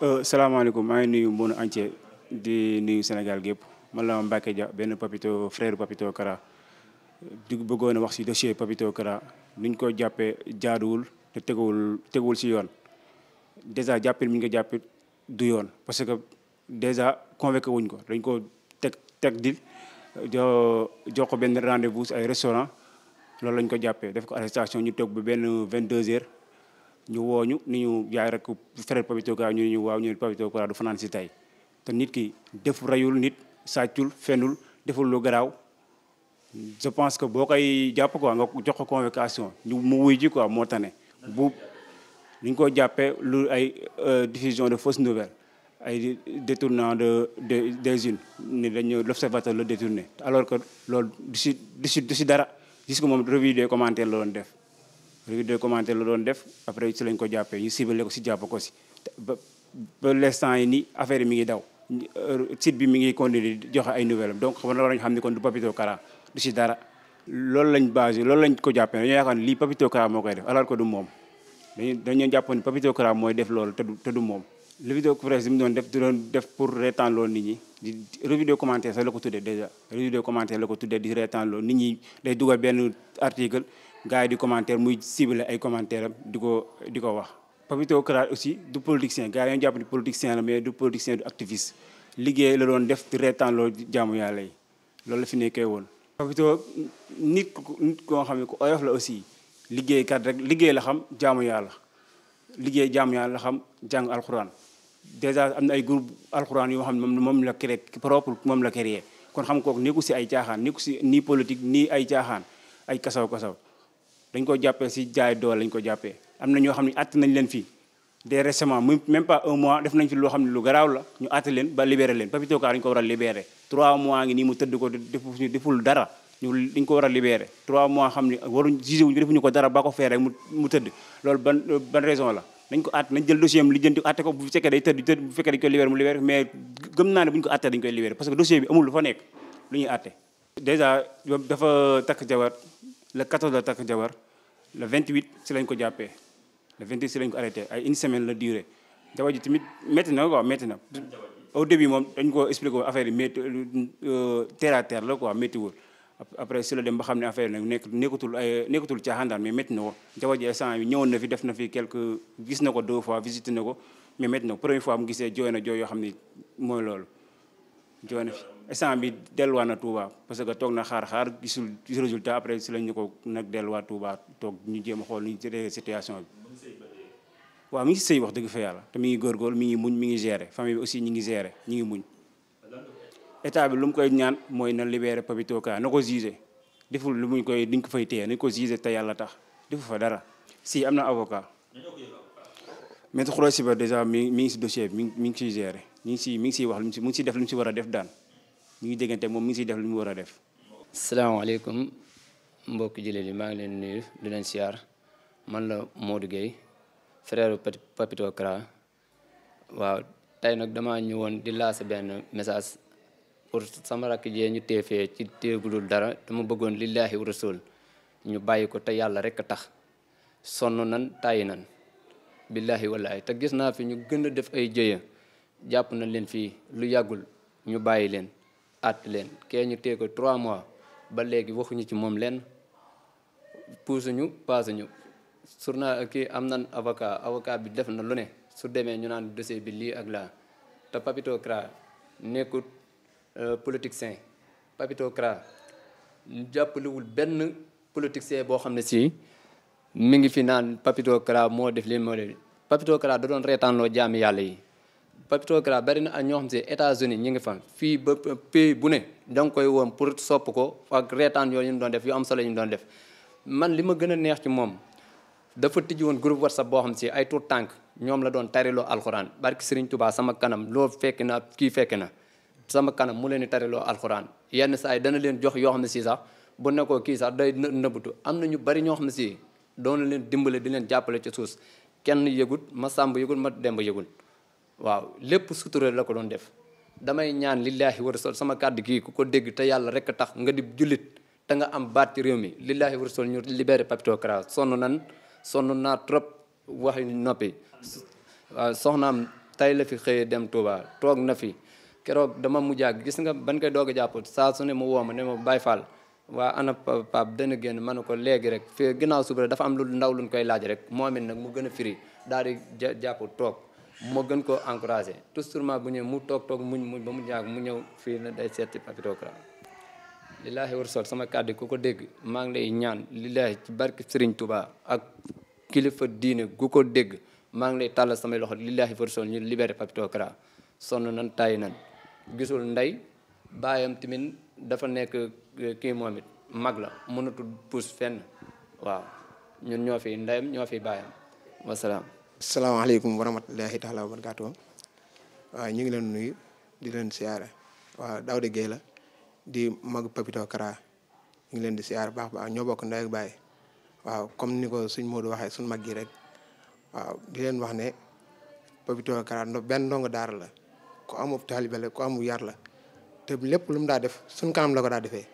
Euh, salaamaaleykum maa ngi nuyu mboonu entier di nuyu Sénégal gépp mala la Mbacké benn Papito frère Papito Kara di bëggoon a wax si dossier Papito Kara nuñ ko jàppee jaaduwul te teguwul tegul si yoon déjà jàppil mi ñu ko jàppit du yoon parce que déjà convoqué wuñ ko dañ ko teg teg dil jo jox ko benn rendez-vous ay restaurant loolu lañ ko jàppee def ko arrestation ñu toog ba benn deux heures ñu wooñu ni ñu yaay rek frère Papito Kara ñu ñu waaw ñu Papito Kara du fanaan si tey te nit ki def rayul nit sàccul fenul deful lu garaaw je pense que boo koy jàpp quoi nga jox ko convocation ñu mu wuy ji quoi moo tane bu ñu ko jàppee lu ay euh, diffusion de fausses nouvelles ay détournant de de des unes ne dañu l'observateur la détourné alors que loolu du du si du si dara gis ko moom revue de commentaires la doon def revue de commentaire la doon def après si lañ ko jàppee ñu ciblé ko si jàpp ko si ba ba l'instant yi ni affaire mi ngi daw site bi mi ngi continuer di joxe ay nouvelle donc xam na war nañu xam ni kon du Papito Kara du si dara loolu lañ basé lool lañ ko jàppee dañoo yaakaar ni lii Papito Kara koy def alors que du moom dañu dañoo jàppoon ni Papito mooy def loolu te du moom revue de doon def du doon pour reetaan loolu nit ñi di commentaire sax la ko tuddee déjà revue de commentaire la ko tuddee di reetaan loolu nit ñi day dugal benn article gars yi di commentaire muy ciblé ay commentaire am di ko di ko wax. Papito Kara aussi du politicien gars yi ñoo jàpp ni politicien la mais du politicien du activiste liggéey la doon def di reetaan loo jaamu yàlla yi loolu la fi nekkee woon. Papito nit ku nit koo xam ne la aussi liggéeykat rek liggéey la xam jaamu yàlla liggéey jaamu yàlla la xam jàng alxuraan déjà am na ay groupe alxuraan yoo xam ne moom moom la créé propre moom la créé kon xam kooku nekku si ay caaxaan nekku si nii politique nii ay caaxaan ay kasaw kasaw. dañ ko jàppee si jaay doole lañ ko jàppee am na ñoo xam ne àtt nañ leen fii des récemment même pas un mois def nañ fi loo xam ne lu garaaw la ñu àtt leen ba libéré leen Papito Ka dañ ko war a libéré trois mois ñu dañ ko trois mois xam ne waruñ jugé wuñu defuñu ko dara ba ko feere mu tëdd loolu ban raison la nañ ko àtt nañ jël dossier am lijjanti àtte ko bu fekkee day tëdd tëdd bu fekkee dañ koy libéré mu libéré mais gëm naa ne bu ñu ko àttee dañ koy libéré parce que dossier le 14 la takk jabar le 28 si lañ ko jàppee le 28 si lañ ko arrêté ay une semaine la durée jabar ji tamit métti na quoi métti na. au début moom dañ ko expliqué woon affaire yi métti euh, terre à terre la quoi méttiwul après si la dem ba xam ne affaire yi nekk nekkatul ay nekkatul caaxaan daal mais métti na ko jabar ji instant yi ñëwoon na fi def na fi quelque gis na ko deux fois visité na ko mais métti na ko première fois mu gisee jooy na jooy yoo xam ne mooy loolu. jóge na fi instant bi delluwaat na Touba parce que toog na xaar-xaar gisul résultat après si lañ ñu ko nag delluwaat Touba toog ñu jéem a xool ñu jëlee situation bi. waaw mi ngi sëy wax dëgg fa yàlla te mi ngi góorgóorlu mi ngi muñ mi ngi gere famille bi aussi ñi ngi gérer ñu ngi muñ. état bi lu mu koy ñaan mooy na libéré Papito Ka na ko jugé deful lu mu koy duñ ko fay téye nañ ko jugé te yàlla tax defu fa dara si am na avocat. maître Khoureychi mi mi ngi si dossier bi mi mi ngi ciy gérer. ñu ngi si mi ngi siy wax lu mu mu ngi siy def lu mu si war a def daan ñu ngi déggante moom mi ngi siy def lu mu war a def. salaamaaleykum mbokk jëlee li maa ngi leen nuyu di leen siyaar man la Modou Gueye frère Papito Kara waaw tey nag dama ñëwoon di laase benn message pour sama rakk jee ñu téefee ci téegulul dara dama bëggoon lillaahi wa rasul ñu bàyyi ko te yàlla rek a tax sonn nan tàyyi nan billaahi wallaahi te gis naa fi ñu gën def ay jëye jàpp na leen fii lu yàggul ñu bàyyi leen àtt leen kee ñu tee ko trois mois ba léegi waxuñu ci moom leen puusuñu paasuñu surna kii am na avocat avocat bi def na lu ne su demee ñu naan dossier bi lii ak laa te Papito Kara nekkut euh, politicien Papito Kara jàppalewul benn politicien boo xam ne si mi ngi fi naan Papito Kara moo def lii moo def Papito Kara da doon reetaanloo jaami yàlla yi papitocra bari na ak ñoo xam si États-Unis ñi ngi fa fii ba pays bu ne da nga koy woon pour sopp ko ak reetaan yooyu ñu doon def yu am solo ñu doon def man li ma gën a neex ci moom dafa tijji woon groupe whatsapp boo xam si ay tuut tànk ñoom la doon tariloo alxuraan barki Serigne Touba sama kanam loo fekk na kii fekk na sama kanam mu leen di tariloo alxuraan yenn saa yi dana leen jox yoo xam ne si sax bu nekkoo kii sax day nëbbutu am na ñu bari ñoo xam ne si doon leen dimbale di leen jàppale ci suus kenn yëgul ma sàmb yëgul ma demb yëgul waaw lépp suture la ko doon def damay ñaan lillahi wa rasul sama kàddu gii ku ko dégg te yàlla rek tax nga di jullit te nga am baat réew mi lillahi wa rasul ñu libéré Papito Kara sonn nan sonn naa trop waxi noppi soxnaam tey la fi xëyee dem Touba toog na fi keroog dama mujj gis nga ban koy doog a jàpp saa su ne mu woo ma ne ma Baye Fall waa ana pap dana génn ma ne ko léegi rek fi ginnaaw suba dafa am lu ndaw luñ koy laaj rek moom it nag mu gën a firi daal di jàpp toog moo gën koo encouragé tout sûrement bu ñëw mu toog toog muñ muñ ba mu ñaag mu ñëw fii na day seeti Papito Kara lillaahi war sama kàddu ku ko dégg maa ngi lay ñaan lillaahi ci barke Serigne Touba ak kilifa diine gu ko dégg maa ngi lay tàllal samay loxo lillaahi war sol ñu libéré Papito Kara sonn nan tàyyi nan gisul ndey baayam tamit dafa nekk eh, kii moom it mag la mënatul puus fenn waaw ñun ñoo fi ndeyam ñoo fi baayam wasalaam salaamaaleykum wa rahmatulahi taala wa barakaatu waaw ñu ngi leen nuyu di leen siyaare waaw Daouda Gueye la di mag Papito Kara ñu ngi leen di siyaare baax baax ñoo bokk ndey ak baay waaw comme ni ko suñ Modou waxee suñ mag yi rek waaw di leen wax ne Papito Kara benn ndongo daara la ku amub taalibe ko ku amu yar la te lépp lu mu daa def suñ kanam la ko daa defee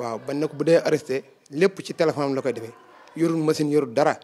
waaw bañ na ko bu dee arresté lépp ci téléphone am la koy defee yorul machine yorul dara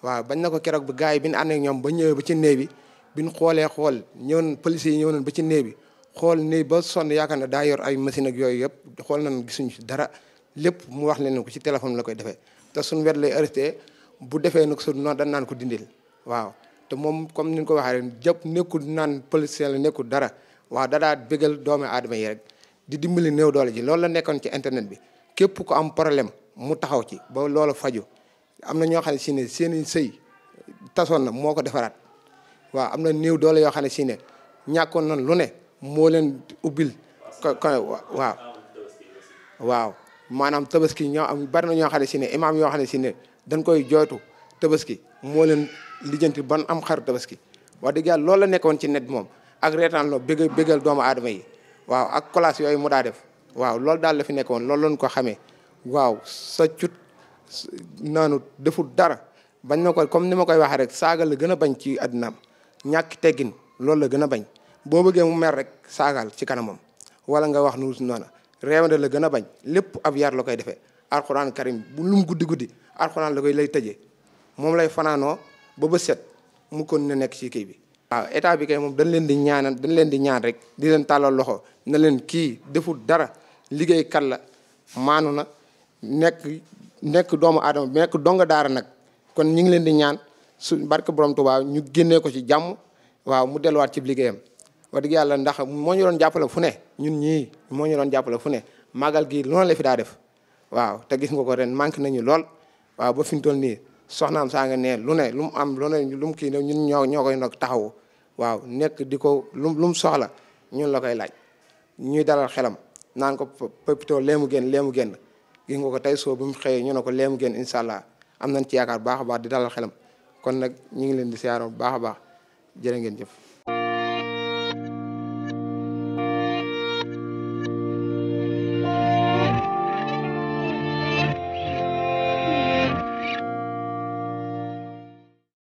waaw bañ na ko keroog bi gars yi bi ñu ànd ñoom ba ñëwee ba ci néeg bi bi xoolee xool ñëwoon police yi ñëw nañ ba ci néeg bi xool néeg ba sonn yaakaar ne daa yor ay machine ak yooyu yëpp xool nañ gisuñu ci dara lépp mu wax ne ko ci téléphone la koy defee te suñu wet lay arrêté bu defee nag su noonu dañ naan ko dindil waaw te moom comme ni ñu ko waxee jëpp nekkul naan policier la nekkul dara waaw dadaa bégal doomu aadama yi rek di dimbali néew doole ji loolu la nekkoon ci internet bi képp ko am problème mu taxaw ci ba loola faju am na ñoo xam ne si ne seeni sëy tasoon na moo ko defaraat waaw am na néew doole yoo xam ne si ne ñàkkoon nan lu ne moo leen ubbil ko ko waaw waaw maanaam tabaski ñoo am bari na ñoo xam ne si ne imaam yoo xam ne si ne dañ koy jooytu tabaski moo leen lijjanti ban am xaru tabaski wax dëgg yàlla loolu la nekkoon ci net moom ak reetaan loo bëgg bëggal doomu aadama yi waaw ak classe yooyu mu daa def waaw lool daal la fi nekkoon loolu lañ ko xamee waaw sa cut naanut defut dara bañ na ko comme ni ma koy waxee rek saaga la gën a bañ ci àddinaam ñàkk teggin loolu la gën a bañ boo bëggee mu mer rek saagaal ci kanamam wala nga wax nu noona réewande la gën a bañ lépp ab yar la koy defee alxuraan karim bu lum guddi guddi alxuraan la koy lay tëjee moom lay fanaanoo ba ba set mu kon ne nekk ci kii bi waaw état bi kay moom dañ leen di ñaanal dañ leen di ñaan rek di leen tàllal loxo na leen kii deful dara liggéeykat la maanu na nekk nekk doomu aadama bi nekk donga daara nag kon ñu ngi leen di ñaan su barke borom Tuubaa ñu génnee ko ci jàmm waaw mu delluwaat ci liggéeyam wax dëgg yàlla ndax moo ñu jàppale fu ne ñun ñii moo ñu doon jàppale fu ne màggal gi loolu la fi daa def waaw te gis nga ko ren manqué nañu lool waaw ba fi mu toll nii soxnaam saa nga nee lu ne lu mu am lu ne lu mu kii ne ñun ñoo ñoo koy nag taxaw waaw nekk di ko lu lu mu soxla ñun la koy laaj ñuy dalal xelam naan ko pépito léemu génn léemu génn gis nga ko tey soo bu mu xëyee ñu ne ko leemu génn incha allah am nañ ci yaakaar baax a baax di dalal xelam kon nag ñu ngi leen di siyaaroon bu baax a baax jërë ngeen jëf